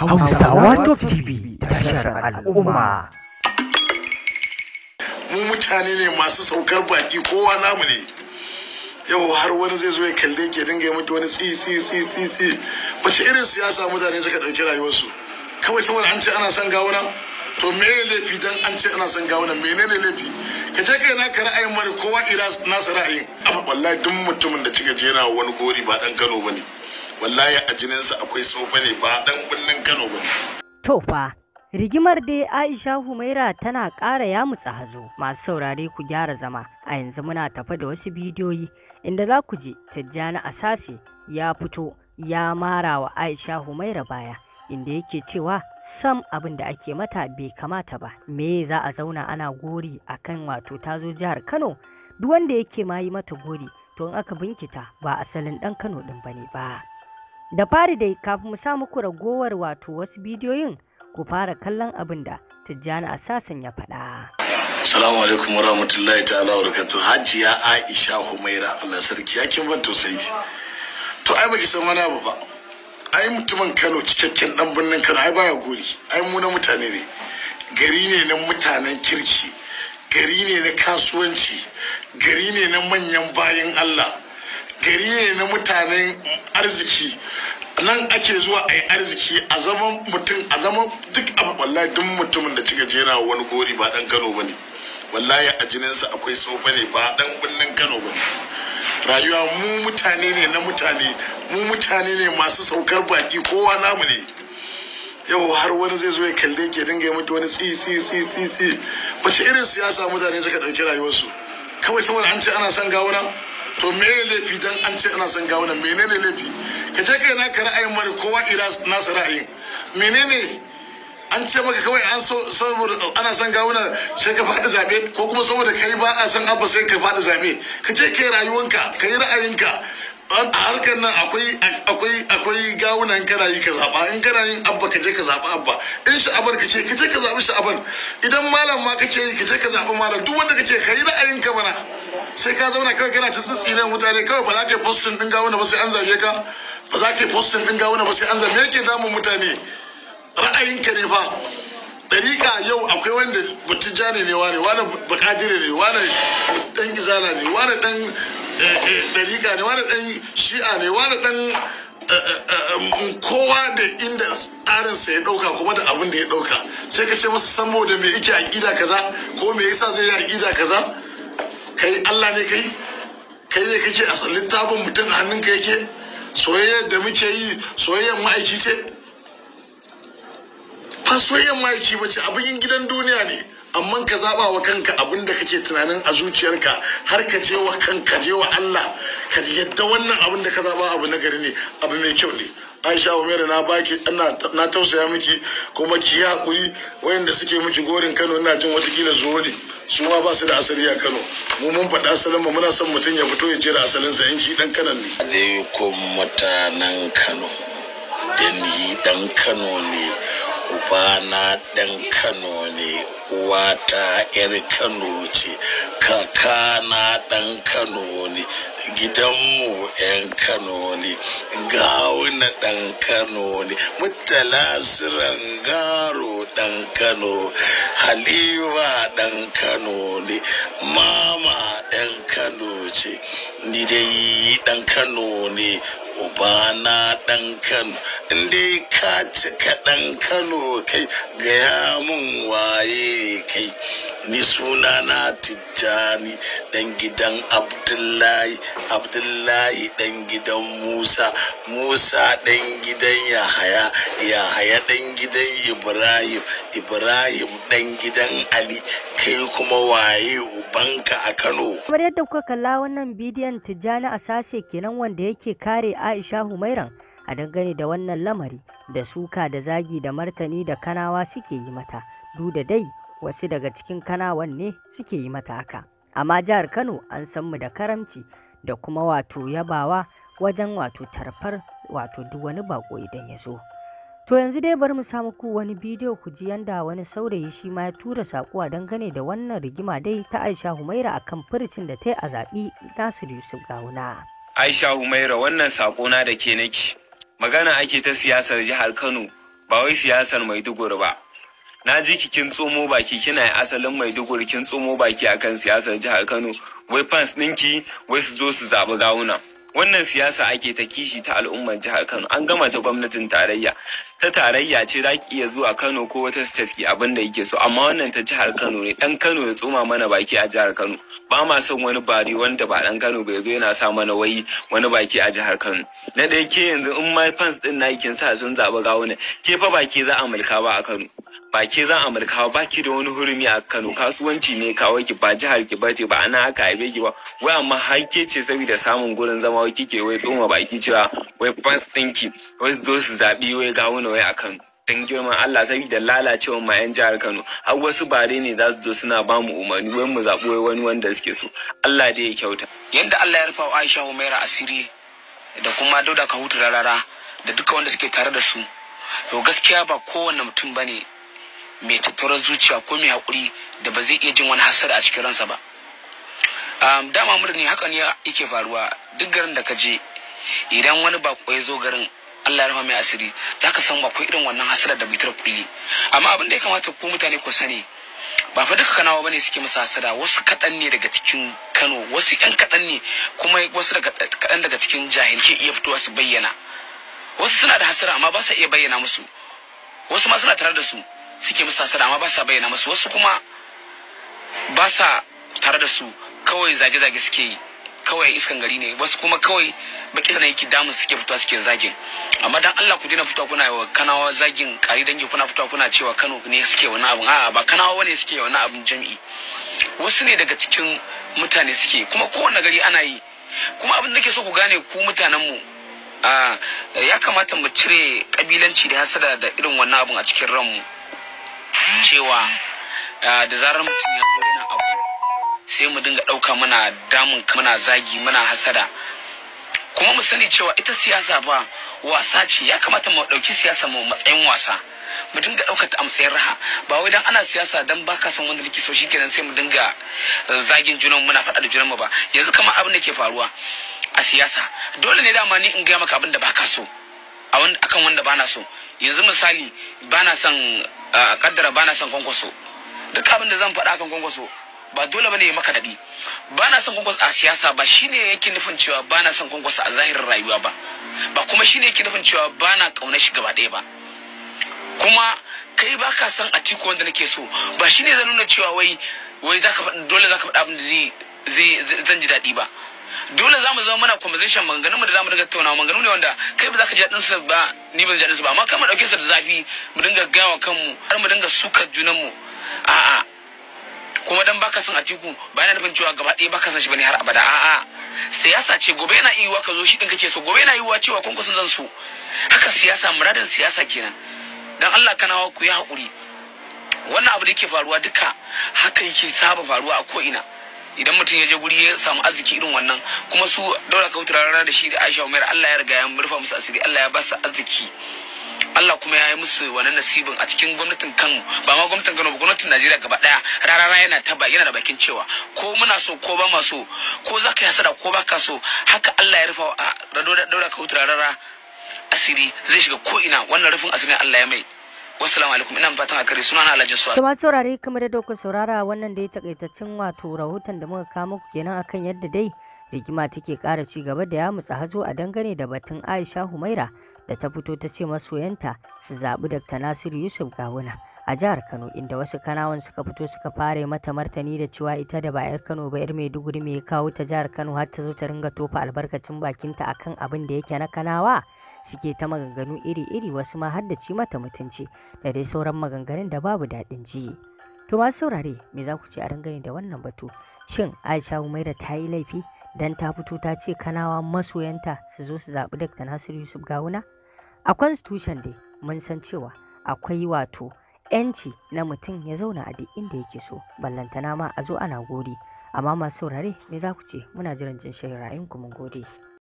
Hausawa Top TV tashar al'umma. Mu mutane ne masu saukar baki kowa namu ne. Yau har wani zai zo ya kalle ke dinga yi mutu wani tsi tsi tsi tsi tsi. Bace irin siyasa mutane suka ɗauki rayuwarsu? Kawai saboda an ce ana son gawunan? To me ne laifi dan an ce ana son gawunan menene laifi? Ka je kai naka ra'ayin mara kowa ira nasa ra'ayin. Amma wallahi duk mutumin da cika je wani gori ba dan Kano ne. wallahi a jininsa akwai tsofa ne ba dan birnin Kano ba to fa rigimar dai Aisha Humaira tana ƙara yamutsa hazo masu saurare ku gyara zama a yanzu muna tafa da wasu bidiyoyi inda za ku ji Tijjani Asasi ya fito ya mara wa Aisha Humaira baya inda yake cewa sam abin da ake mata bai kamata ba me za a zauna ana gori akan wato ta zo jihar Kano duk wanda yake ma yi mata gori to in aka binkita ba asalin dan Kano din bane ba da fari dai kafin mu sa muku ragowar wato wasu bidiyoyin ku fara kallon abin da tijjani asasan ya faɗa. Salamu alaikum wa rahmatullahi ta'ala wa rakatu hajiya Aisha Humaira Allah sarki ya kin ban tausayi. To ai baki san wani abu ba. Ai mutumin Kano cikakken dan birnin Kano ai baya gori. Ai mu na mutane ne. Gari ne na mutanen kirki. Gari ne na kasuwanci. Gari ne na manyan bayan Allah. gari ne na mutanen arziki nan ake zuwa a yi arziki a zaman mutum a zaman duk abu wallahi duk mutumin da cika jera wani gori ba dan kano ba ne wallahi a jininsa akwai tsofa ne ba dan birnin kano ba ne rayuwa mu mutane ne na mutane mu mutane ne masu saukar baki kowa namu ne yau har wani zai zo ya kalle ke dinga yi mutu wani tsi tsi tsi tsi tsi wace irin siyasa mutane suka ɗauki rayuwarsu kawai saboda an ce ana son gawuna to me ne laifi dan an ce ana son gawunan menene laifi ka je kai naka ra'ayin mara kowa ira nasa ra'ayin menene an ce maka kawai an so saboda ana son gawunan sai ka faɗi zabe ko kuma saboda kai ba a san abba sai ka faɗi zabe ka je kai rayuwanka ka yi ra'ayinka a harkar nan akwai akwai akwai gawunan kana yi ka zaba in kana yin abba ka je ka zaba abba in sha'abar ce ka je ka zabi sha'aban idan malam ma kake yi ka je ka zaba malam duk wanda kake ka yi ra'ayinka mana sai ka zauna kawai kana ta tsitsinan mutane kawai ba za ka yi postin din gawuna ba sai an zage ka ba za ka yi postin din gawuna ba sai an zage me yake damun mutane ra'ayinka ne fa dariƙa yau akwai wanda jani ne wane wane bakadire ne wane dan gizana ne wane dan eh, eh, ɗariƙa ne wane dan shi'a ne wane dan eh, um, kowa da inda tsarinsa ya ɗauka kuma da abin da ya ɗauka sai ka ce masa da me yake aƙida kaza ko me yasa zai yi aƙida kaza kai Allah ne kai kai ne kake a littafin mutum a hannunka yake soyayyar da muke yi soyayyar ma'aiki ce ba soyayyar ma'aiki ba ce abin gidan duniya ne amma ka zaba wa kanka abin da kake tunanin a zuciyarka har ka je wa kanka je wa Allah ka yadda wannan abin da ka zaba abu nagari ne abu mai kyau ne aisha umaru na baki na tausaya miki kuma ki yi hakuri wayanda suke miki gorin kano ina jin kila zuwa ne su ma ba su da asali a kano mu mun faɗa asalin mu muna son mutum ya fito ya je da sa in shi dan Kano ne alaikum mutanen kano da ni dan kano ne ubana dan kano ne uwata 'yar kano ce kaka na dan kano ne gidanmu 'yan kano ne gawuna ɗan kano ne mutalasiran garo ɗan kano haliwa ɗan kano ne mama ɗan kano ce ni dai ɗan kano ne ubana ɗan kano dai ka cika ɗan kano kai gaya mun waye kai ni suna na tijjani dan gidan abdullahi abdullahi dan gidan musa musa dan gidan yahaya yahaya dan gidan ibrahim ibrahim dan gidan ali kai kuma waye ubanka a kano kamar yadda kuka kalla wannan bidiyon tijjani a Sase kenan wanda yake kare aisha humairan a dangane da wannan lamari da suka da zagi da martani da kanawa suke yi mata du da dai wasu daga cikin kanawan ne suke yi mata haka amma jihar kano an san mu da karamci da kuma wato yabawa wajen wato tarfar wato duk wani bako idan ya zo to yanzu dai bari mu samu ku wani bidiyo ku ji yanda wani saurayi shi ma ya tura sakuwa dangane da wannan rigima dai ta aisha humaira akan furicin da ta yi a zaɓi nasiru yusuf gawuna aisha humaira wannan sakona da ke naki magana ake ta siyasar jihar kano ba wai siyasar maiduguri ba na ji ki kin tsomo baki kina yi asalin maiduguri kin tsomo baki akan siyasar jihar kano wai fans ɗinki wai su zo su zaɓi gawuna wannan siyasa ake ta kishi ta al'ummar jihar kano an gama ta gwamnatin tarayya ta tarayya ce za ki iya zuwa kano ko wata state ki abin da yake so amma wannan ta jihar kano ne dan kano ya tsoma mana baki a jihar kano ba ma son wani bari wanda ba dan kano bai zo yana sa mana wai wani baki a jihar kano na ɗaya ke yanzu in ma fans ɗin na kin sa sun zaɓi gawuna ke fa baki za a mulka ba a kano ba ke zan amurka ba ba ki da wani hurumi a Kano kasuwanci ne kawo ki ba jihar ki ce, ba ana aka haife ki ba wai amma har ce saboda samun gurin zama wai kike wai tsoma baki cewa wai fans ɗinki wai zo su zaɓi wai gawo na wai a Kano dan girman Allah saboda lalacewar ma yan jihar Kano har wasu bare ne za su zo suna ba mu umarni wai mu zabo wai wani wanda suke so Allah dai ya kyauta Yadda Allah ya rufa wa Aisha Umaira asiri da kuma Dauda Kahutu rarara da duka wanda suke tare da su to gaskiya ba kowane mutum bane mai tattaurar zuciya ko mai haƙuri da ba zai iya jin wani hasara a cikin ransa ba um, dama murni haka ne yake faruwa duk garin da ka je idan wani bako ya zo garin Allah ya rahama mai asiri zaka san akwai irin wannan hasara da bitar kulli amma abin da ya kamata ku mutane ku sani ba fa duka kanawa bane suke masa hasara wasu kaɗan ne daga cikin Kano wasu ƴan kaɗan ne kuma wasu kaɗan daga cikin jahilci iya fitowa su bayyana wasu suna da hasara amma ba sa iya bayyana musu wasu ma suna tare da su suke musu hasada amma ba sa bayyana musu wasu kuma ba sa tare da su kawai zage-zage suke yi kawai iskan gari ne wasu kuma kawai baki sanayi ki damu suke fitowa suke zagin amma dan Allah ku dina fitowa kuna yawa kanawa zagin kari dangi kuna fitowa kuna cewa Kano ne suke wani abu. a'a ba kanawa bane suke wani abun jami'i wasu ne daga cikin mutane suke kuma kowanne gari ana yi kuma abin da ke so ku gane ku mutanen mu ya kamata mu cire kabilanci da hasada da irin wannan abun a cikin ranmu cewa ah, da zarar mutum ya zo yana abu sai mu dinga ɗauka muna damun muna zagi muna hasada kuma mu sani cewa ita siyasa ba wasa ce ya kamata mu ɗauki siyasa mu matsayin wasa mu dinga ɗaukata ta amsayin raha ba wai dan ana siyasa dan baka san wanda nake so shikenan sai mu dinga eh, zagin junan muna faɗa da junan mu ba yanzu kamar abin da ke faruwa a siyasa dole ne dama ni in gaya maka abin da baka so a akan wanda bana so yanzu misali bana son a kaddara bana son kwankwaso duk abin da zan faɗa akan kwankwaso ba dole bane ya maka daɗi bana son kwankwaso a siyasa ba shine yake nufin cewa bana son kwankwaso a zahirin rayuwa ba ba kuma shine yake nufin cewa bana kauna shi gaba ɗaya ba kuma kai ba ka san tiko wanda nake so ba shine zan nuna cewa wai wai zaka dole zaka faɗa abin da zai zan ji daɗi ba dole za mu zama mana conversation maganganun mu da za mu dinga tattaunawa maganganu ne wanda kai ba za ka ji daɗin su ba ni ba ji daɗin su ba amma kama ɗauke su da zafi mu dinga gawa kanmu har mu dinga sukar junanmu a'a kuma dan baka son Atiku ba yana nufin cewa gaba ɗaya baka son shi bane har abada a'a siyasa ce gobe yana iya ka zo shi din kake so gobe yana iya cewa kun kusan zan so haka siyasa muradin siyasa kenan dan Allah kana ku yi haƙuri wannan abu da yake faruwa duka haka yake saba faruwa a ko ina idan mutum ya je guri ya samu arziki irin wannan kuma su daura kautura rana da shi da aisha umar allah ya riga ya murfa musu asiri allah ya ba su arziki Allah kuma ya yi musu wani nasibin a cikin gwamnatin Kano ba ma gwamnatin Kano ba gwamnatin Najeriya gaba daya rarara yana taba yana da bakin cewa ko muna so ko ba ma so ko za ka yi hasara ko ba ka so haka Allah ya rufa a daura kautura rana asiri zai shiga ko ina wannan rufin asirin Allah ya mai wassalamu alaikum ina fatan a kare suna alhaji suwa kuma saurare kamar yadda ku saurara wannan da ya takaitaccen wato rahoton da muka kawo muku kenan akan yadda dai rigima take ƙara ci gaba da ya mutsa hazo a dangane da batun Aisha Humaira da ta fito ta ce masoyanta su zaɓi Dr. Nasiru Yusuf Gawuna a jihar Kano inda wasu kanawan suka fito suka fare mata martani da cewa ita da ba 'yar Kano ba 'yar Maiduguri mai kawo ta jihar Kano har ta zo ta ringa tofa albarkacin bakinta akan abin da yake na kanawa. suke ta maganganu iri-iri wasu ma har da ci mata mutunci da dai sauran maganganun da babu daɗin ji. To masu saurare me za ku ce a rangane da wannan batu? Shin Aisha Umaira ta yi laifi dan ta fito ta ce kanawa masoyanta su zo su zaɓi Dr. Nasiru Yusuf Gawuna? A constitution dai mun san cewa akwai wato 'yanci na mutum ya zauna a duk inda yake so ballantana ma a zo ana gori. amma masu saurare me za ku ce muna jiran jin shahararrayinku mun gode